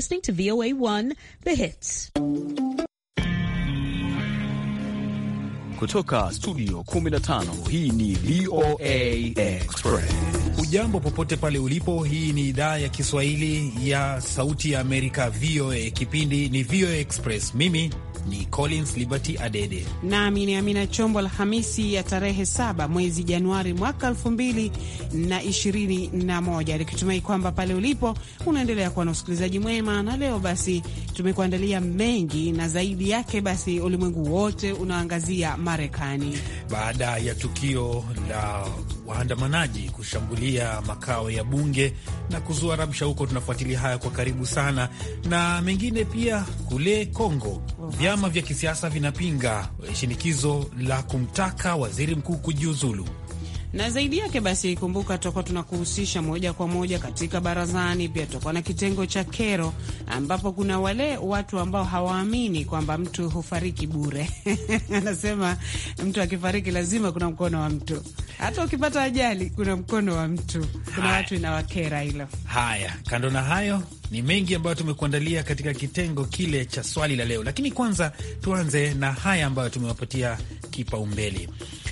listening to VOA1, The Hits. Kutoka studio 15 hii ni VOA Express. Ujambo popote pale ulipo, hii ni idhaa ya Kiswahili ya Sauti ya Amerika, VOA. Kipindi ni VOA Express, mimi ni Collins Liberty Adede nami ni Amina Chombo. Alhamisi ya tarehe saba mwezi Januari mwaka elfu mbili na ishirini na moja, nikitumai kwamba pale ulipo unaendelea kuwa na usikilizaji mwema. Na leo basi tumekuandalia mengi na zaidi yake, basi ulimwengu wote unaangazia Marekani baada ya tukio la waandamanaji kushambulia makao ya bunge na kuzua rabsha huko. Tunafuatilia haya kwa karibu sana, na mengine pia kule Kongo. Vyama vya kisiasa vinapinga shinikizo la kumtaka waziri mkuu kujiuzulu na zaidi yake basi, kumbuka tutakuwa tunakuhusisha moja kwa moja katika barazani. Pia tutakuwa na kitengo cha kero, ambapo kuna wale watu ambao hawaamini kwamba mtu hufariki bure. Anasema mtu akifariki lazima kuna mkono wa mtu, hata ukipata ajali kuna mkono wa mtu. Kuna haya, watu inawakera hilo. Haya, kando na hayo ni mengi ambayo tumekuandalia katika kitengo kile cha swali la leo, lakini kwanza tuanze na haya ambayo tumewapatia kipaumbele.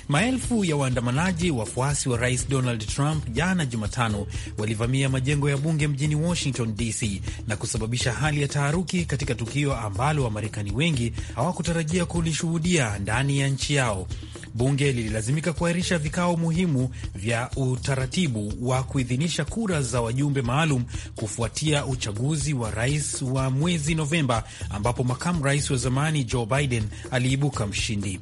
Maelfu ya waandamanaji wafuasi wa rais Donald Trump jana Jumatano walivamia majengo ya bunge mjini Washington DC na kusababisha hali ya taharuki katika tukio ambalo Wamarekani wengi hawakutarajia kulishuhudia ndani ya nchi yao. Bunge lililazimika kuahirisha vikao muhimu vya utaratibu wa kuidhinisha kura za wajumbe maalum kufuatia uchaguzi wa rais wa mwezi Novemba, ambapo makamu rais wa zamani Joe Biden aliibuka mshindi.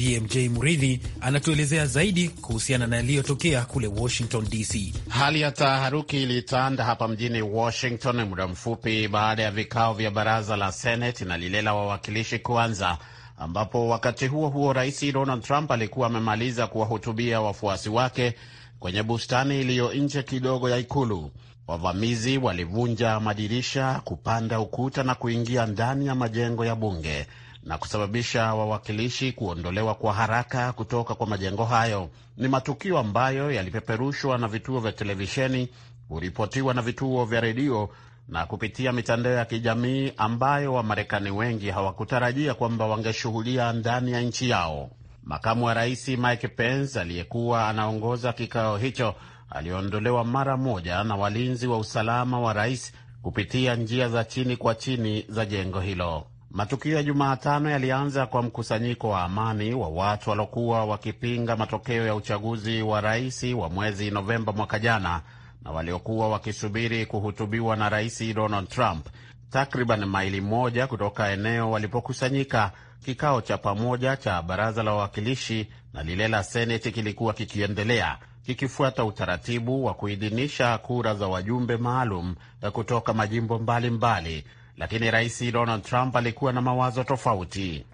BMJ Muridhi anatuelezea zaidi kuhusiana na yaliyotokea kule Washington DC. Hali ya taharuki ilitanda hapa mjini Washington muda mfupi baada ya vikao vya baraza la Seneti na lile la wawakilishi kuanza, ambapo wakati huo huo Rais Donald Trump alikuwa amemaliza kuwahutubia wafuasi wake kwenye bustani iliyo nje kidogo ya Ikulu. Wavamizi walivunja madirisha, kupanda ukuta na kuingia ndani ya majengo ya bunge na kusababisha wawakilishi kuondolewa kwa haraka kutoka kwa majengo hayo. Ni matukio ambayo yalipeperushwa na vituo vya televisheni, kuripotiwa na vituo vya redio na kupitia mitandao ya kijamii ambayo Wamarekani wengi hawakutarajia kwamba wangeshuhudia ndani ya nchi yao. Makamu wa rais Mike Pence aliyekuwa anaongoza kikao hicho aliondolewa mara moja na walinzi wa usalama wa rais kupitia njia za chini kwa chini za jengo hilo. Matukio ya Jumatano yalianza kwa mkusanyiko wa amani wa watu waliokuwa wakipinga matokeo ya uchaguzi wa rais wa mwezi Novemba mwaka jana na waliokuwa wakisubiri kuhutubiwa na Rais Donald Trump takriban maili moja kutoka eneo walipokusanyika. Kikao cha pamoja cha baraza la wawakilishi na lile la seneti kilikuwa kikiendelea kikifuata utaratibu wa kuidhinisha kura za wajumbe maalum kutoka majimbo mbalimbali mbali, lakini Rais Donald Trump alikuwa na mawazo tofauti.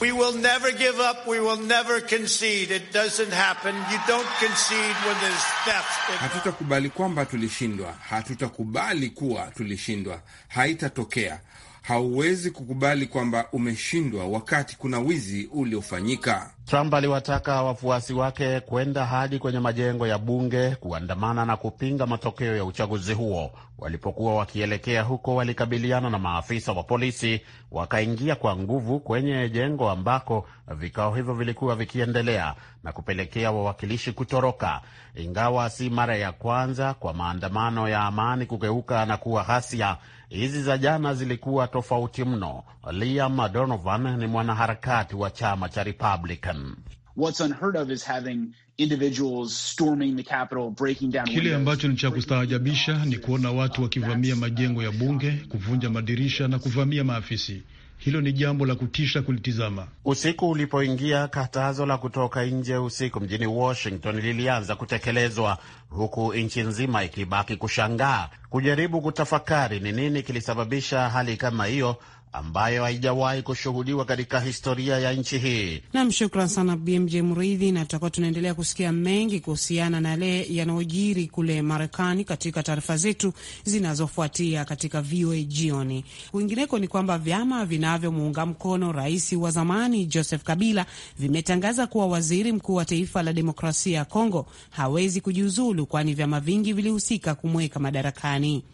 We will never give up. We will never concede. It doesn't happen. You don't concede when there's theft. Hatutakubali kwamba tulishindwa. Hatutakubali kuwa tulishindwa. Haitatokea hauwezi kukubali kwamba umeshindwa wakati kuna wizi uliofanyika. Trump aliwataka wafuasi wake kwenda hadi kwenye majengo ya bunge kuandamana na kupinga matokeo ya uchaguzi huo. Walipokuwa wakielekea huko, walikabiliana na maafisa wa polisi, wakaingia kwa nguvu kwenye jengo ambako vikao hivyo vilikuwa vikiendelea na kupelekea wawakilishi kutoroka. Ingawa si mara ya kwanza kwa maandamano ya amani kugeuka na kuwa ghasia, Hizi za jana zilikuwa tofauti mno. Liam Donovan ni mwanaharakati wa chama cha Republican. What's unheard of is having individuals storming the Capitol, breaking down Kile ambacho ni cha kustaajabisha ni kuona watu wakivamia majengo ya bunge, kuvunja madirisha na kuvamia maafisi. Hilo ni jambo la kutisha kulitizama. Usiku ulipoingia, katazo la kutoka nje usiku mjini Washington lilianza kutekelezwa, huku nchi nzima ikibaki kushangaa, kujaribu kutafakari ni nini kilisababisha hali kama hiyo ambayo haijawahi kushuhudiwa katika historia ya nchi hii. Nam, shukran sana BMJ Mridhi, na tutakuwa tunaendelea kusikia mengi kuhusiana na yale yanayojiri kule Marekani katika taarifa zetu zinazofuatia katika VOA jioni. Kwingineko ni kwamba vyama vinavyomuunga mkono rais wa zamani Joseph Kabila vimetangaza kuwa waziri mkuu wa taifa la demokrasia ya Kongo hawezi kujiuzulu, kwani vyama vingi vilihusika kumweka madarakani.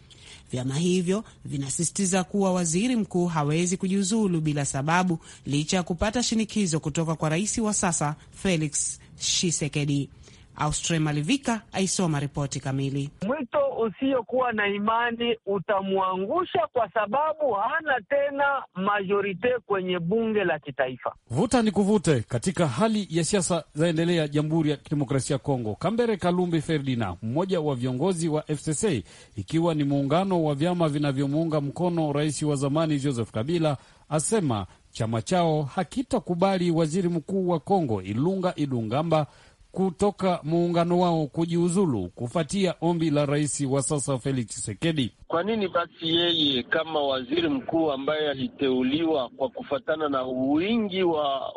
Vyama hivyo vinasisitiza kuwa waziri mkuu hawezi kujiuzulu bila sababu, licha ya kupata shinikizo kutoka kwa rais wa sasa Felix Tshisekedi. Austre Malivika aisoma ripoti kamili. Mwito usiokuwa na imani utamwangusha kwa sababu hana tena majorite kwenye bunge la kitaifa. Vuta ni kuvute katika hali ya siasa zaendelea Jamhuri ya Kidemokrasia ya Kongo. Kambere Kalumbi ferdina mmoja wa viongozi wa FCC, ikiwa ni muungano wa vyama vinavyomuunga mkono rais wa zamani Joseph Kabila, asema chama chao hakitakubali waziri mkuu wa Kongo Ilunga Ilungamba kutoka muungano wao kujiuzulu kufuatia ombi la rais wa sasa Felix Tshisekedi. Kwa nini basi yeye kama waziri mkuu ambaye aliteuliwa kwa kufuatana na wingi wa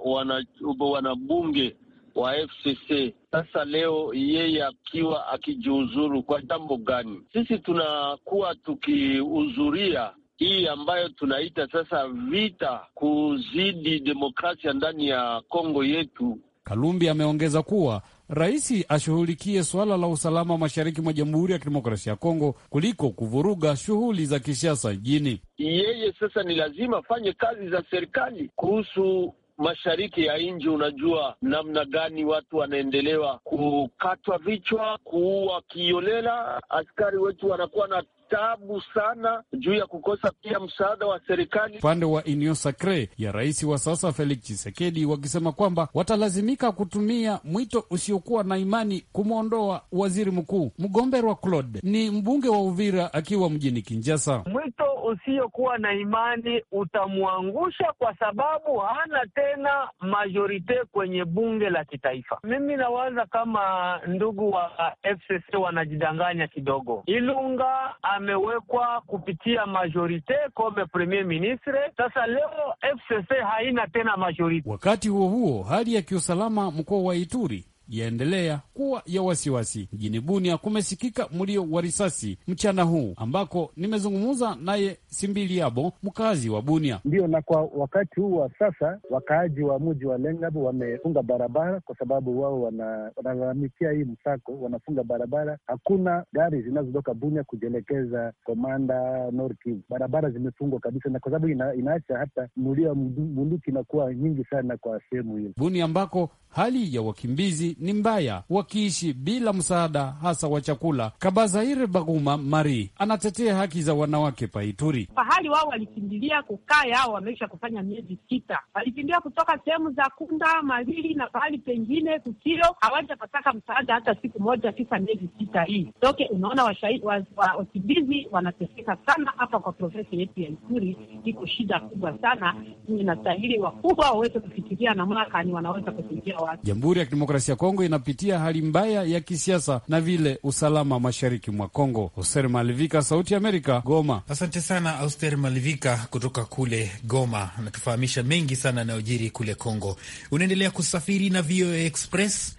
wanabunge wa FCC sasa leo yeye akiwa akijiuzuru kwa jambo gani? Sisi tunakuwa tukihudhuria hii ambayo tunaita sasa vita kuzidi demokrasia ndani ya Kongo yetu Kalumbi ameongeza kuwa rais ashughulikie suala la usalama mashariki mwa Jamhuri ya Kidemokrasia ya Kongo kuliko kuvuruga shughuli za kisiasa nchini. Yeye sasa ni lazima afanye kazi za serikali kuhusu mashariki ya nji Unajua namna gani watu wanaendelewa kukatwa vichwa, kuua kiolela, askari wetu wanakuwa na tabu sana juu ya kukosa pia msaada wa serikali upande wa Union Sacre ya rais wa sasa Felix chisekedi wakisema kwamba watalazimika kutumia mwito usiokuwa na imani kumwondoa waziri mkuu. Mgomberwa Claude ni mbunge wa Uvira akiwa mjini kinjasa Mwito usiyokuwa na imani utamwangusha, kwa sababu hana tena majorite kwenye bunge la kitaifa. Mimi nawaza kama ndugu wa FCC wanajidanganya kidogo. Ilunga amewekwa kupitia majorite kome premier ministre, sasa leo FCC haina tena majorite. Wakati huo huo, hali ya kiusalama mkoa wa Ituri yaendelea kuwa ya wasiwasi. Mjini Bunia kumesikika mlio wa risasi mchana huu, ambako nimezungumza naye Simbiliabo, mkazi wa Bunia. Ndiyo, na kwa wakati huu wa sasa wakaaji wa mji wa Lengabu wamefunga barabara kwa sababu wao wanalalamikia hii msako, wanafunga barabara. Hakuna gari zinazotoka Bunia kujielekeza Komanda, norki Barabara zimefungwa kabisa, na kwa sababu ina, inaacha hata mlio wa bunduki inakuwa nyingi sana kwa sehemu hiyo Bunia ambako hali ya wakimbizi ni mbaya, wakiishi bila msaada hasa wa chakula. Kabazaire Baguma Mari anatetea haki za wanawake Paituri. pahali wao walikimbilia kukaa yao, wameisha kufanya miezi sita, walikimbilia kutoka sehemu za Kunda, Malili na pahali pengine Kutiro, hawajapataka msaada hata siku moja tisa miezi sita hii toke. Unaona, wakimbizi wanateseka sana hapa kwa profesa yetu ya Ituri, iko shida kubwa sana. Inastahili wakubwa waweze kufikiria namna gani wanaweza kusaidia watu Jamhuri ya Kidemokrasia Kongo inapitia hali mbaya ya kisiasa na vile usalama mashariki mwa Kongo. Auster Malivika, Sauti Amerika, Goma. Asante sana Auster Malivika kutoka kule Goma, anatufahamisha mengi sana yanayojiri kule Kongo. Unaendelea kusafiri na VOA Express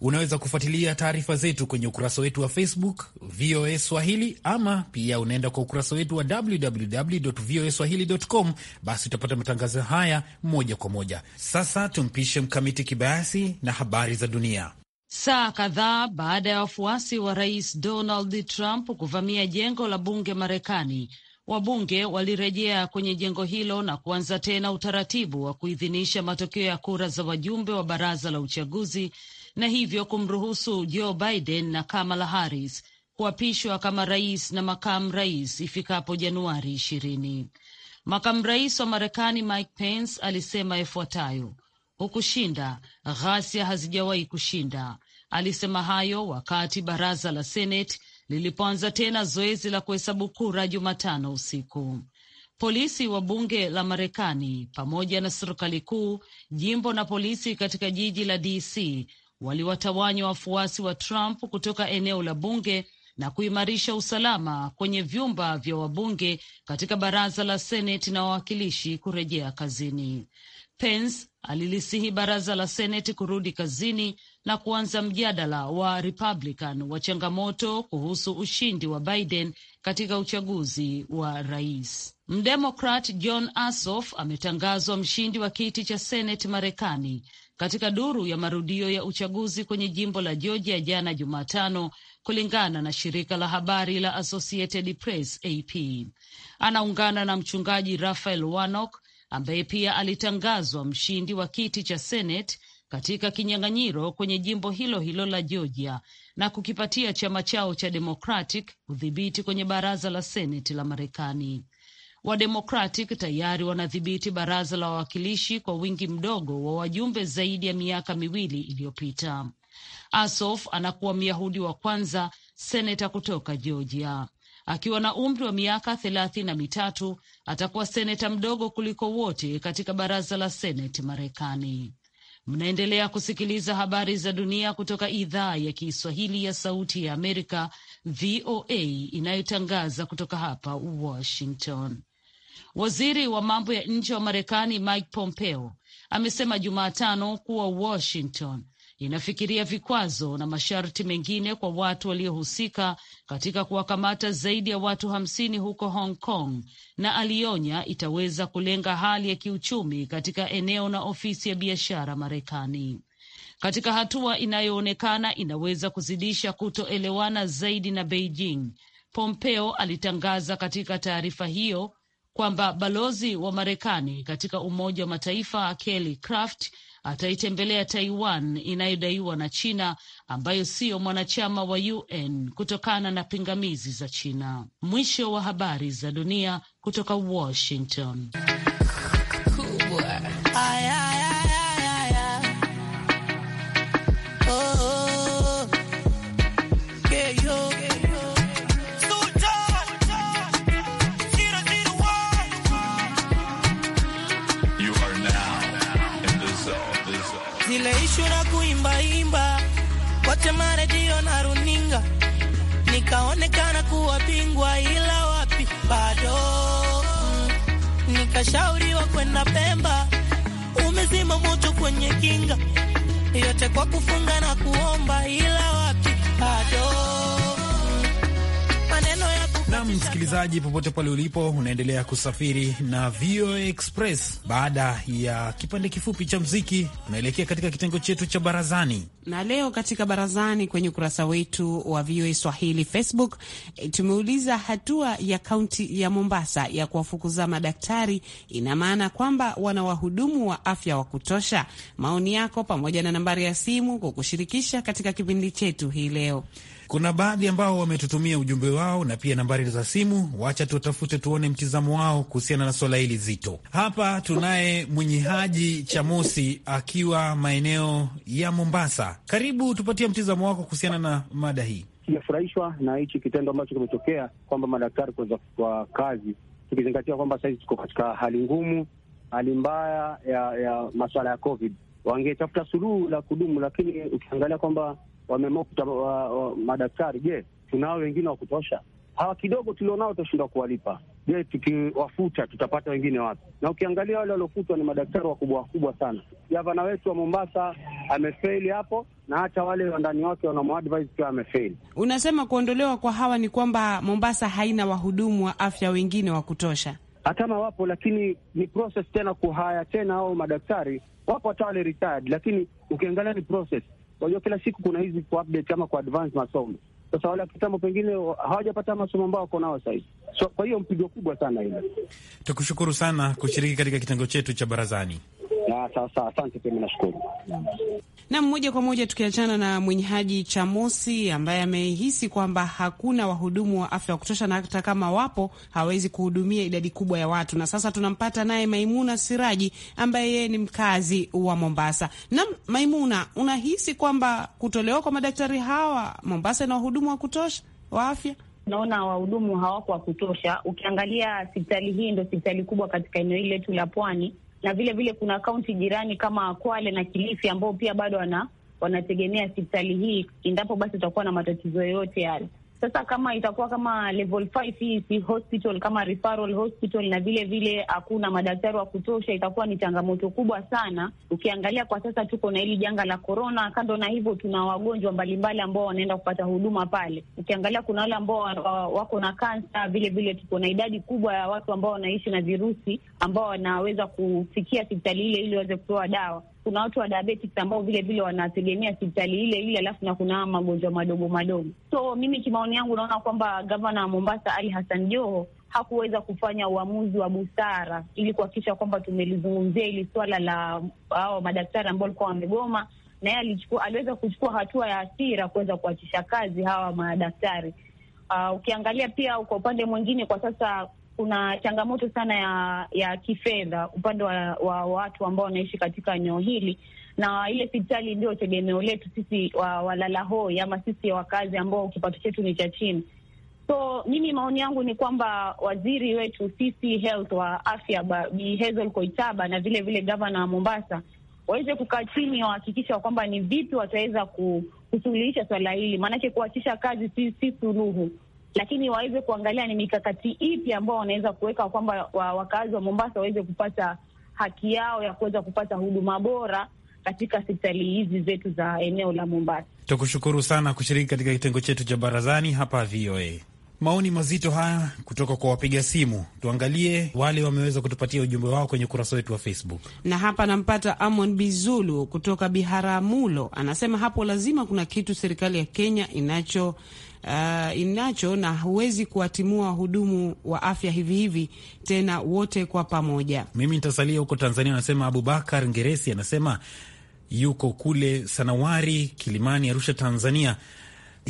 Unaweza kufuatilia taarifa zetu kwenye ukurasa wetu wa Facebook VOA Swahili, ama pia unaenda kwa ukurasa wetu wa www voa swahilicom. Basi utapata matangazo haya moja kwa moja. Sasa tumpishe Mkamiti Kibayasi na habari za dunia. Saa kadhaa baada ya wafuasi wa rais Donald Trump kuvamia jengo la bunge Marekani, wabunge walirejea kwenye jengo hilo na kuanza tena utaratibu wa kuidhinisha matokeo ya kura za wajumbe wa baraza la uchaguzi na hivyo kumruhusu Joe Biden na Kamala Harris kuapishwa kama rais na makamu rais ifikapo Januari ishirini. Makamu rais wa Marekani Mike Pence alisema yafuatayo: hukushinda, ghasia hazijawahi kushinda. Alisema hayo wakati baraza la Seneti lilipoanza tena zoezi la kuhesabu kura Jumatano usiku. Polisi wa bunge la Marekani pamoja na serikali kuu, jimbo na polisi katika jiji la DC waliwatawanya wafuasi wa Trump kutoka eneo la bunge na kuimarisha usalama kwenye vyumba vya wabunge katika baraza la Seneti na wawakilishi kurejea kazini. Pence alilisihi baraza la Seneti kurudi kazini na kuanza mjadala wa Republican wa changamoto kuhusu ushindi wa Biden katika uchaguzi wa rais. Mdemokrat John Asof ametangazwa mshindi wa kiti cha Seneti Marekani katika duru ya marudio ya uchaguzi kwenye jimbo la Georgia jana Jumatano, kulingana na shirika la habari la Associated Press AP. Anaungana na mchungaji rafael Warnock ambaye pia alitangazwa mshindi wa kiti cha Senate katika kinyang'anyiro kwenye jimbo hilo hilo la Georgia na kukipatia chama chao cha Democratic udhibiti kwenye baraza la Senate la Marekani. Democratic tayari wanadhibiti baraza la wawakilishi kwa wingi mdogo wa wajumbe zaidi ya miaka miwili iliyopita. Asof anakuwa Myahudi wa kwanza seneta kutoka Georgia akiwa na umri wa miaka thelathini na mitatu atakuwa seneta mdogo kuliko wote katika baraza la seneti Marekani. Mnaendelea kusikiliza habari za dunia kutoka idhaa ya Kiswahili ya Sauti ya Amerika, VOA, inayotangaza kutoka hapa Washington. Waziri wa mambo ya nje wa Marekani Mike Pompeo amesema Jumatano kuwa Washington inafikiria vikwazo na masharti mengine kwa watu waliohusika katika kuwakamata zaidi ya watu hamsini huko Hong Kong, na alionya itaweza kulenga hali ya kiuchumi katika eneo na ofisi ya biashara Marekani. Katika hatua inayoonekana inaweza kuzidisha kutoelewana zaidi na Beijing, Pompeo alitangaza katika taarifa hiyo kwamba balozi wa Marekani katika Umoja wa Mataifa Kelly Craft ataitembelea Taiwan inayodaiwa na China ambayo siyo mwanachama wa UN kutokana na pingamizi za China. Mwisho wa habari za dunia kutoka Washington. kufungwa, ila wapi bado mm. Nikashauriwa kwenda Pemba, umezima moto kwenye kinga yote kwa kufunga na kuomba ila Nam msikilizaji, popote pale ulipo, unaendelea kusafiri na VOA Express. Baada ya kipande kifupi cha mziki, unaelekea katika kitengo chetu cha barazani, na leo katika barazani kwenye ukurasa wetu wa VOA Swahili Facebook e, tumeuliza, hatua ya kaunti ya Mombasa ya kuwafukuza madaktari ina maana kwamba wana wahudumu wa afya wa kutosha? Maoni yako pamoja na nambari ya simu kwa kushirikisha katika kipindi chetu hii leo. Kuna baadhi ambao wametutumia ujumbe wao na pia nambari za simu. Wacha tutafute tuone mtizamo wao kuhusiana na swala hili zito. Hapa tunaye Mwenye Haji Chamosi akiwa maeneo ya Mombasa. Karibu, tupatie mtizamo wako kuhusiana na mada hii. Sijafurahishwa na hichi kitendo ambacho kimetokea kwamba madaktari kuweza kwa kazi, tukizingatia kwamba sahizi tuko katika hali ngumu, hali mbaya ya, ya maswala ya COVID. Wangetafuta suluhu la kudumu, lakini ukiangalia kwamba wameamua kuta madaktari. Je, tunao wengine wa kutosha? Hawa kidogo tulionao tutashindwa kuwalipa. Je, tukiwafuta tutapata wengine wapi? Na ukiangalia wale waliofutwa ni madaktari wakubwa wakubwa sana. Gavana wetu wa Mombasa amefeli hapo, na hata wale wandani wake wanaomadvise pia amefeli. Unasema kuondolewa kwa hawa ni kwamba Mombasa haina wahudumu wa afya wengine wa kutosha? Hatama wapo, lakini ni process tena kuhaya tena au madaktari. Wapo hata wale retired, lakini ukiangalia ni process Unajua, kila siku kuna hizi ku update ama ku advance masomo. Sasa wale wakitambo pengine hawajapata masomo ambao wako nao sasa hivi, so kwa hiyo mpigo kubwa sana ile. Tukushukuru sana kushiriki katika kitengo chetu cha barazani na sasa, asante tena, nashukuru na moja kwa moja tukiachana na mwenye Haji Chamosi ambaye amehisi kwamba hakuna wahudumu wa afya wa kutosha na hata kama wapo hawezi kuhudumia idadi kubwa ya watu. Na sasa tunampata naye Maimuna Siraji ambaye yeye ni mkazi wa Mombasa. Na Maimuna, unahisi kwamba kutolewa kwa madaktari hawa Mombasa ina wahudumu wa kutosha wa afya? Naona wahudumu hawako wa kutosha. Ukiangalia hospitali hii ndo hospitali kubwa katika eneo hili letu la Pwani na vile vile kuna kaunti jirani kama Kwale na Kilifi ambao pia bado wana wanategemea hospitali hii endapo basi utakuwa na matatizo yoyote yale. Sasa kama itakuwa kama level 5 hii si hospital kama referral hospital, na vile vile hakuna madaktari wa kutosha, itakuwa ni changamoto kubwa sana. Ukiangalia kwa sasa tuko na hili janga la corona, kando na hivyo tuna wagonjwa mbalimbali ambao wanaenda kupata huduma pale. Ukiangalia kuna wale ambao wako na kansa, vile vile tuko na idadi kubwa ya watu ambao wanaishi na virusi ambao wanaweza kufikia hospitali ile ili waweze kupewa dawa kuna watu wa diabetic ambao vile vile wanategemea hospitali ile ile, alafu na kuna magonjwa madogo madogo. So mimi kimaoni yangu naona kwamba gavana wa Mombasa Ali Hassan Joho hakuweza kufanya uamuzi wa busara ili kuhakikisha kwamba tumelizungumzia hili swala la hao madaktari ambao walikuwa wamegoma, na yeye alichukua, aliweza kuchukua hatua ya hasira kuweza kuachisha kazi hawa madaktari. Uh, ukiangalia pia kwa upande mwingine, kwa sasa kuna changamoto sana ya ya kifedha upande wa, wa watu ambao wanaishi katika eneo hili, na ile hospitali ndio tegemeo letu sisi walala wa hoi ama sisi wakazi ambao kipato chetu ni cha chini. So mimi maoni yangu ni kwamba waziri wetu CC Health wa afya Bi Hazel Koitaba na vile vile gavana wa Mombasa waweze kukaa chini wahakikisha kwamba ni vipi wataweza kusuluhisha swala hili, maanake kuachisha kazi si, si suluhu lakini waweze kuangalia ni mikakati ipi ambao wanaweza kuweka kwamba wakazi wa Mombasa waweze kupata haki yao ya kuweza kupata huduma bora katika hospitali hizi zetu za eneo la Mombasa. Tukushukuru sana kushiriki katika kitengo chetu cha barazani hapa VOA. Maoni mazito haya kutoka kwa wapiga simu. Tuangalie wale wameweza kutupatia ujumbe wao kwenye ukurasa wetu wa Facebook, na hapa nampata Amon Bizulu kutoka Biharamulo, anasema hapo lazima kuna kitu serikali ya Kenya inacho Uh, inacho na huwezi kuwatimua wahudumu wa afya hivi hivi tena wote kwa pamoja. Mimi nitasalia huko Tanzania, anasema Abubakar Ngeresi, anasema yuko kule Sanawari Kilimani, Arusha, Tanzania.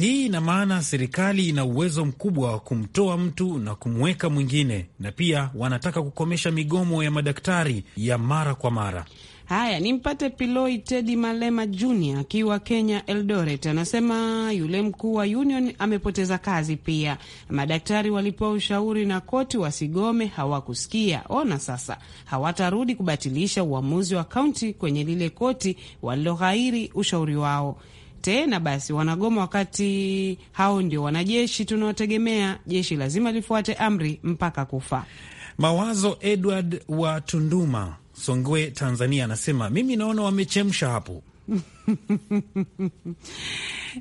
Hii ina maana serikali ina uwezo mkubwa wa kumtoa mtu na kumweka mwingine, na pia wanataka kukomesha migomo ya madaktari ya mara kwa mara. Haya, nimpate Piloi Tedi Malema Junior akiwa Kenya, Eldoret. Anasema yule mkuu wa union amepoteza kazi pia. Madaktari walipewa ushauri na koti wasigome, hawakusikia. Ona sasa, hawatarudi kubatilisha uamuzi wa kaunti kwenye lile koti waliloghairi ushauri wao tena basi wanagoma, wakati hao ndio wanajeshi tunaotegemea. Jeshi lazima lifuate amri mpaka kufa. Mawazo Edward wa Tunduma, Songwe, Tanzania, anasema mimi naona wamechemsha hapo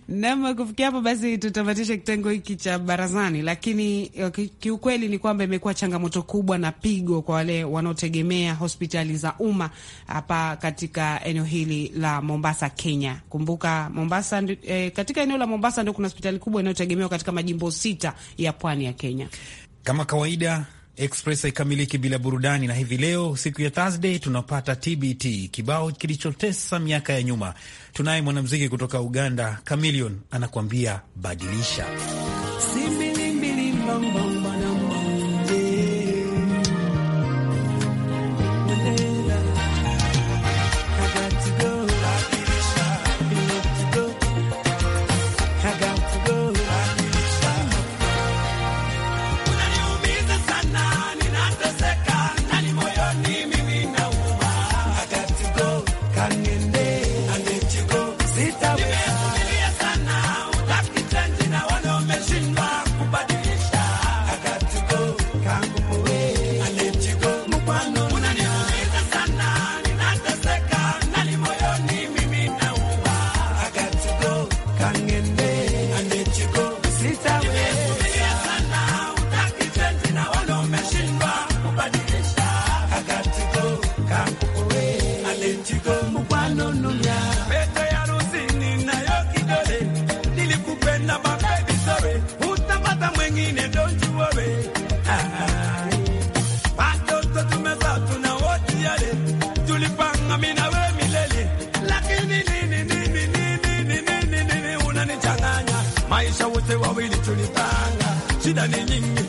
Nam, kufikia hapo basi tutamatisha kitengo hiki cha barazani, lakini eh, kiukweli ni kwamba imekuwa changamoto kubwa na pigo kwa wale wanaotegemea hospitali za umma hapa katika eneo hili la Mombasa, Kenya. Kumbuka Mombasa eh, katika eneo la Mombasa ndio kuna hospitali kubwa inayotegemewa katika majimbo sita ya pwani ya Kenya. Kama kawaida Express haikamiliki bila burudani, na hivi leo siku ya Thursday tunapata TBT, kibao kilichotesa miaka ya nyuma. Tunaye mwanamuziki kutoka Uganda, Chameleon anakuambia badilisha Simbilimbilimbo.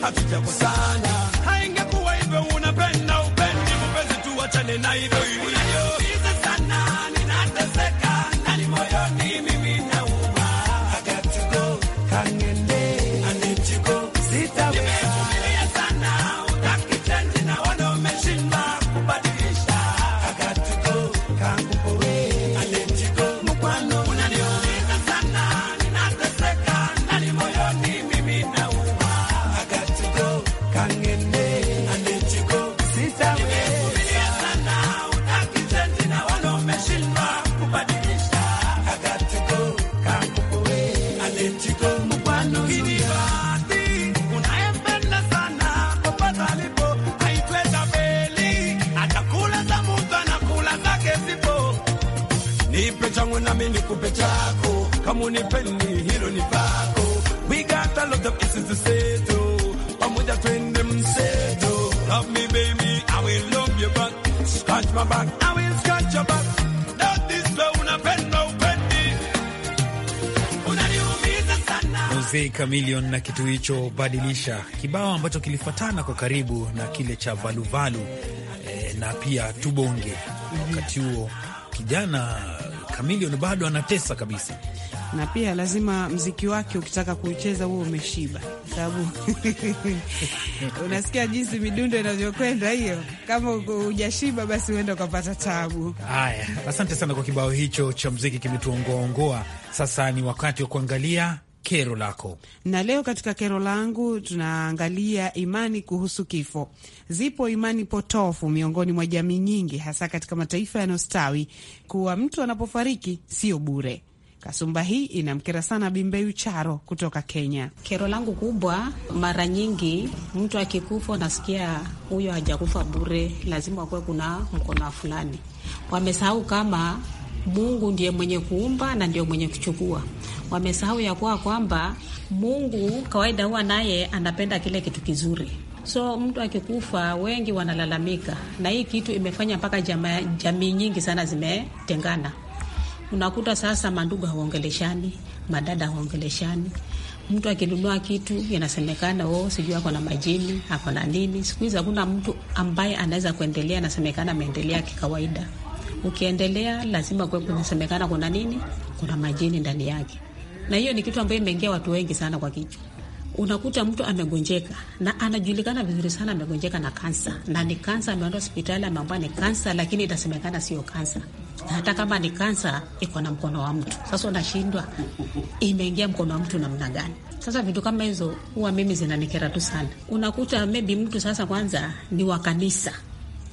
hatujakosana, haingekuwa hivyo. Unapenda upendi mpenzi, tuachane na hivyo hivyo nami nikupe chako, kama unipendi hilo ni pako. We got a lot of issues to say to, pamoja twende mseto. Love me baby, I will love you back, scratch my back, I will scratch your back. Mzee Chameleone na kitu hicho badilisha kibao ambacho kilifatana kwa karibu na kile cha Valuvalu e, na pia Tubonge wakati huo kijana Chameleon bado anatesa kabisa, na pia lazima mziki wake ukitaka kuucheza huo umeshiba, sababu unasikia jinsi midundo inavyokwenda hiyo. Kama hujashiba, basi uenda ukapata tabu. Haya, asante sana kwa kibao hicho cha mziki, kimetuongoaongoa. Sasa ni wakati wa kuangalia kero lako. Na leo katika kero langu tunaangalia imani kuhusu kifo. Zipo imani potofu miongoni mwa jamii nyingi, hasa katika mataifa yanayostawi, kuwa mtu anapofariki sio bure. Kasumba hii inamkera sana Bimbeyu Charo kutoka Kenya. Kero langu kubwa, mara nyingi mtu akikufa unasikia huyo hajakufa bure, lazima kuwe kuna mkono fulani. Wamesahau kama Mungu ndiye mwenye kuumba na ndio mwenye kuchukua wamesahau ya kuwa kwamba Mungu kawaida huwa naye anapenda kile kitu kizuri. So mtu akikufa, wengi wanalalamika, na hii kitu imefanya mpaka jamii nyingi sana zimetengana. Unakuta sasa mandugu hawaongeleshani, madada hawaongeleshani. Mtu akinunua kitu inasemekana oh, sijui ako na majini, ako na nini. Siku hizi hakuna mtu ambaye anaweza kuendelea, anasemekana ameendelea kikawaida. Ukiendelea lazima kuwe kunasemekana kuna nini, kuna majini ndani yake na hiyo ni kitu ambayo imeingia watu wengi sana kwa kichwa. Unakuta mtu amegonjeka na anajulikana vizuri sana amegonjeka na kansa, na ni kansa, ameenda hospitali, ameambiwa ni kansa, lakini itasemekana sio kansa. hata kama ni kansa, iko na mkono wa mtu. Sasa unashindwa imeingia mkono wa mtu namna gani? Sasa vitu kama hizo huwa mimi zinanikera tu sana. Unakuta maybe mtu sasa, kwanza ni wa kanisa,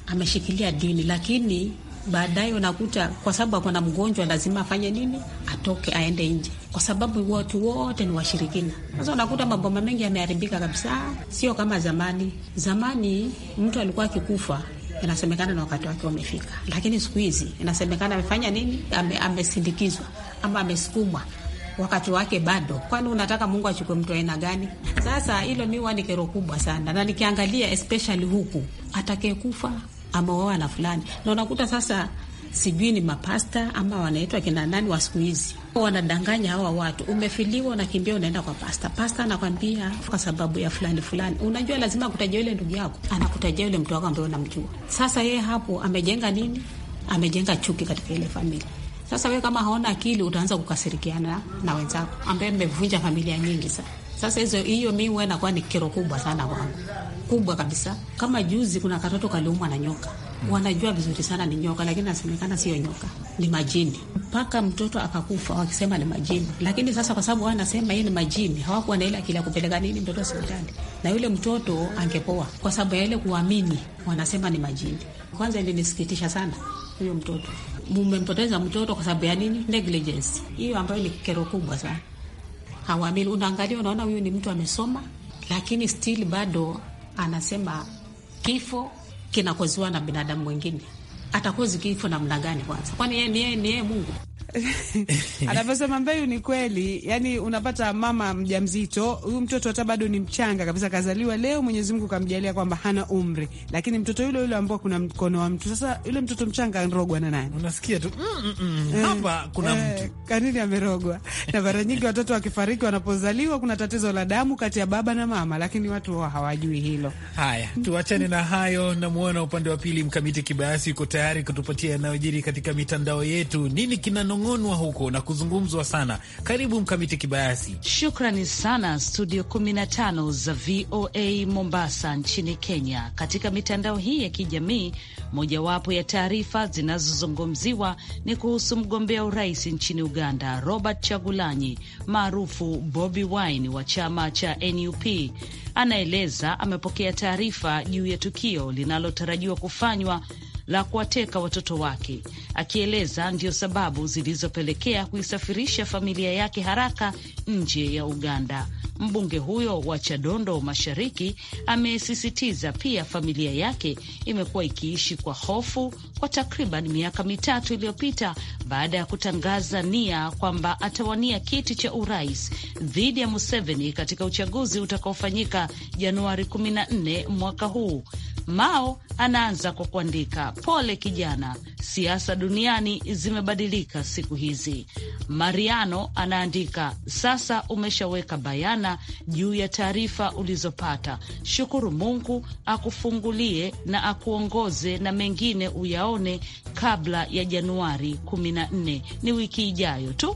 ameshikilia dini, lakini baadaye unakuta kwa sababu akona mgonjwa, lazima afanye nini? Atoke aende nje, kwa sababu watu wote ni washirikina. Sasa unakuta maboma mengi yameharibika kabisa, sio kama zamani. Zamani mtu alikuwa akikufa inasemekana na wakati wake umefika, lakini siku hizi inasemekana amefanya nini? Ame, amesindikizwa ama amesukumwa wakati wake bado. Kwani unataka Mungu achukue mtu aina gani? Sasa hilo mi huwa ni kero kubwa sana, na nikiangalia especially huku atakayekufa ameoa na fulani, na unakuta sasa sijui ni mapasta ama wanaitwa kina nani wa siku hizi, wanadanganya hawa watu. Umefiliwa, unakimbia unaenda kwa pasta. Pasta anakwambia kwa sababu ya fulani fulani. Unajua lazima akutajia yule ndugu yako, anakutajia yule mtu wako ambaye unamjua. Sasa yeye hapo amejenga nini? Amejenga chuki katika ile familia. Sasa wewe kama haona akili, utaanza kukasirikiana na wenzako ambaye mmevunja familia nyingi sana. Sasa hizo hiyo mimi huwa inakuwa ni kero kubwa sana kwangu, kubwa kabisa. Kama juzi kuna katoto kaliumwa na nyoka wanajua vizuri sana ni nyoka, lakini nasemekana sio nyoka, ni majini. Mpaka mtoto akakufa wakisema ni majini. Lakini sasa kwa sababu wanasema hii ni majini, hawakuwa na ile akili ya kupeleka nini mtoto hospitali, na yule mtoto angepoa kwa sababu ya ile kuamini, wanasema ni majini. Kwanza ilinisikitisha sana huyo mtoto, mumempoteza mtoto kwa sababu ya nini? Negligence hiyo ambayo ni kero kubwa sana hawaamini. Unaangalia, unaona huyu ni mtu amesoma, lakini still bado anasema kifo kinakoziwa na binadamu mwingine. Atakozi kifo namna gani? Kwanza kwani yeye ni yeye Mungu? anavyosema Mbeyu ni kweli. Yani unapata mama mjamzito, huyu mtoto hata bado ni mchanga kabisa, kazaliwa leo, Mwenyezi Mungu kamjalia kwamba hana umri, lakini mtoto yule yule ambao kuna mkono wa mtu. Sasa yule mtoto mchanga anrogwa na nani? Unasikia tu mm, mm, mm. Eh, Hapa kuna eh, mtu kanini amerogwa. Na mara nyingi watoto wakifariki wanapozaliwa, kuna tatizo la damu kati ya baba na mama, lakini watu hawajui hilo. Haya, tuachane na hayo. Namwona upande wa pili Mkamiti Kibayasi uko tayari kutupatia yanayojiri katika mitandao yetu. Nini kinano kunong'onwa huko na kuzungumzwa sana. Karibu Mkamiti Kibayasi. Shukrani sana studio 15 za VOA Mombasa nchini Kenya. Katika mitandao hii ya kijamii, mojawapo ya taarifa zinazozungumziwa ni kuhusu mgombea urais nchini Uganda Robert Chagulanyi maarufu Bobi Wine wa chama cha NUP anaeleza amepokea taarifa juu ya tukio linalotarajiwa kufanywa la kuwateka watoto wake, akieleza ndio sababu zilizopelekea kuisafirisha familia yake haraka nje ya Uganda. Mbunge huyo wa Chadondo Mashariki amesisitiza pia familia yake imekuwa ikiishi kwa hofu kwa takriban miaka mitatu iliyopita baada ya kutangaza nia kwamba atawania kiti cha urais dhidi ya Museveni katika uchaguzi utakaofanyika Januari 14 mwaka huu. Mao anaanza kwa kuandika, pole kijana, siasa duniani zimebadilika siku hizi. Mariano anaandika, sasa umeshaweka bayana juu ya taarifa ulizopata. Shukuru Mungu akufungulie na akuongoze, na mengine uyaone kabla ya Januari 14, ni wiki ijayo tu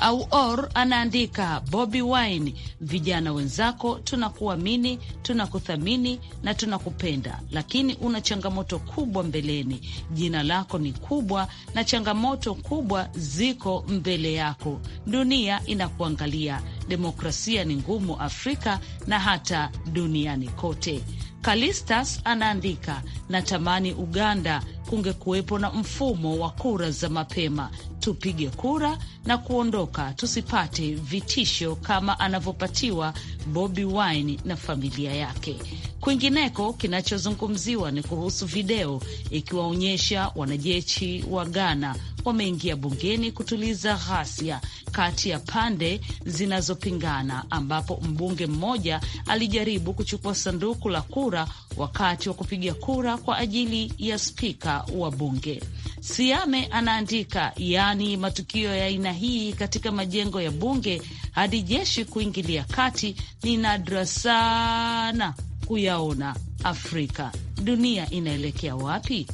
au or anaandika Bobi Wine, vijana wenzako tunakuamini, tunakuthamini na tunakupenda, lakini una changamoto kubwa mbeleni. Jina lako ni kubwa na changamoto kubwa ziko mbele yako. Dunia inakuangalia, demokrasia ni ngumu Afrika na hata duniani kote. Kalistas anaandika natamani Uganda kungekuwepo na mfumo wa kura za mapema tupige kura na kuondoka, tusipate vitisho kama anavyopatiwa Bobi Wine na familia yake. Kwingineko, kinachozungumziwa ni kuhusu video ikiwaonyesha wanajeshi wa Ghana wameingia bungeni kutuliza ghasia kati ya pande zinazopingana, ambapo mbunge mmoja alijaribu kuchukua sanduku la kura wakati wa kupiga kura kwa ajili ya spika wa bunge. Siame anaandika ya laani matukio ya aina hii katika majengo ya bunge hadi jeshi kuingilia kati ni nadra sana kuyaona. Afrika, dunia inaelekea wapi?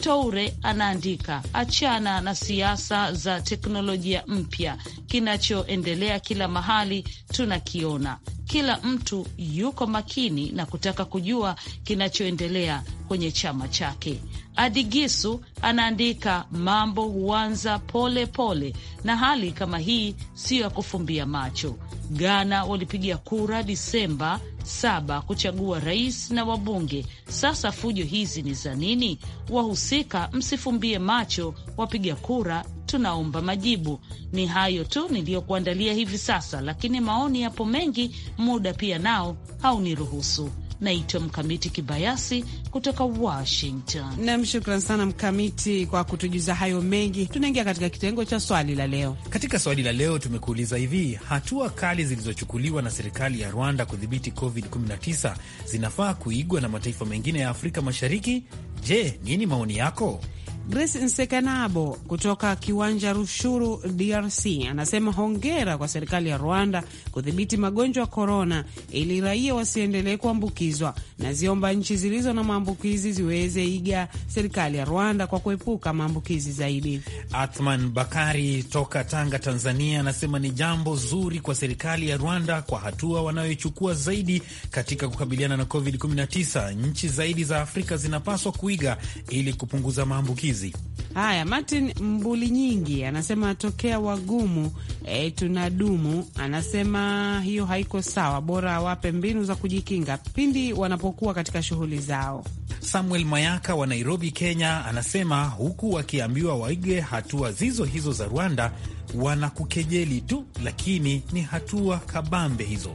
Toure anaandika, achana na siasa za teknolojia mpya, kinachoendelea kila mahali tunakiona kila mtu yuko makini na kutaka kujua kinachoendelea kwenye chama chake. Adigisu anaandika, mambo huanza pole pole, na hali kama hii siyo ya kufumbia macho. Ghana walipiga kura Disemba saba kuchagua rais na wabunge. Sasa fujo hizi ni za nini? Wahusika msifumbie macho wapiga kura tunaomba majibu. Ni hayo tu niliyokuandalia hivi sasa, lakini maoni yapo mengi, muda pia nao hauniruhusu. Naitwa Mkamiti Kibayasi kutoka Washington. Nam, shukran sana Mkamiti kwa kutujuza hayo mengi. Tunaingia katika kitengo cha swali la leo. Katika swali la leo tumekuuliza hivi, hatua kali zilizochukuliwa na serikali ya Rwanda kudhibiti COVID-19 zinafaa kuigwa na mataifa mengine ya Afrika Mashariki? Je, nini maoni yako? Grace Nsekanabo kutoka Kiwanja Rushuru, DRC, anasema hongera kwa serikali ya Rwanda kudhibiti magonjwa ya korona ili raia wasiendelee kuambukizwa, na ziomba nchi zilizo na maambukizi ziweze iga serikali ya Rwanda kwa kuepuka maambukizi zaidi. Athman Bakari toka Tanga, Tanzania, anasema ni jambo zuri kwa serikali ya Rwanda kwa hatua wanayoichukua zaidi katika kukabiliana na COVID-19. Nchi zaidi za Afrika zinapaswa kuiga ili kupunguza maambukizi hizi. Haya, Martin Mbuli Nyingi anasema tokea wagumu e, eh, dumu Anasema hiyo haiko sawa, bora wape mbinu za kujikinga pindi wanapokuwa katika shughuli zao. Samuel Mayaka wa Nairobi, Kenya anasema huku wakiambiwa waige hatua zizo hizo za Rwanda wanakukejeli tu, lakini ni hatua kabambe hizo.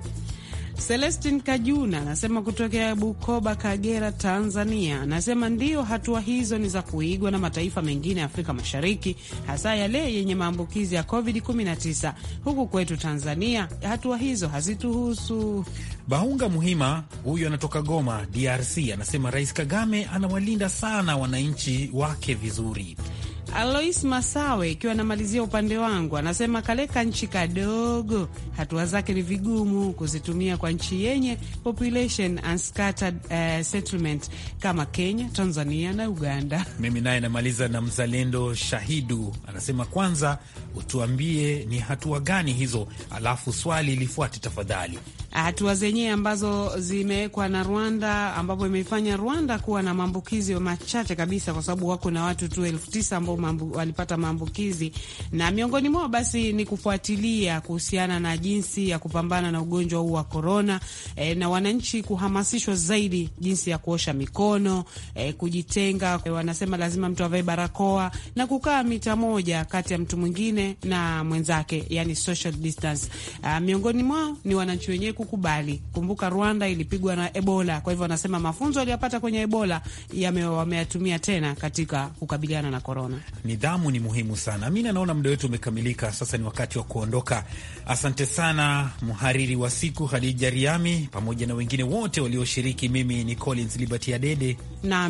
Celestin Kajuna anasema kutokea Bukoba, Kagera, Tanzania, anasema ndiyo, hatua hizo ni za kuigwa na mataifa mengine ya Afrika Mashariki, hasa yale yenye maambukizi ya COVID-19. Huku kwetu Tanzania hatua hizo hazituhusu. Bahunga Muhima huyu anatoka Goma, DRC, anasema Rais Kagame anawalinda sana wananchi wake vizuri. Alois Masawe, ikiwa anamalizia upande wangu, anasema kaleka nchi kadogo, hatua zake ni vigumu kuzitumia kwa nchi yenye population and scattered uh, settlement kama Kenya, Tanzania na Uganda. Mimi naye namaliza na mzalendo Shahidu, anasema kwanza utuambie ni hatua gani hizo, alafu swali lifuate tafadhali. Ah, hatua zenyewe ambazo zimewekwa na Rwanda, ambapo imeifanya Rwanda kuwa na maambukizi machache kabisa, kwa sababu wako na watu tu elfu tisa ambao walipata maambukizi, na miongoni mwao basi ni kufuatilia kuhusiana na jinsi ya kupambana na ugonjwa huu wa korona, e, eh, na wananchi kuhamasishwa zaidi jinsi ya kuosha mikono, e, kujitenga. E, wanasema lazima mtu avae barakoa na kukaa mita moja kati ya mtu mwingine na mwenzake, yani social distance. A, ah, miongoni mwao ni wananchi wenyewe hakukubali. Kumbuka Rwanda ilipigwa na Ebola, kwa hivyo wanasema mafunzo waliyopata kwenye Ebola wameyatumia tena katika kukabiliana na korona. Nidhamu ni muhimu sana. Mi naona muda wetu umekamilika, sasa ni wakati wa kuondoka. Asante sana mhariri wa siku Hadija Riami pamoja na wengine wote walioshiriki. Mimi ni Collins Liberty Adede na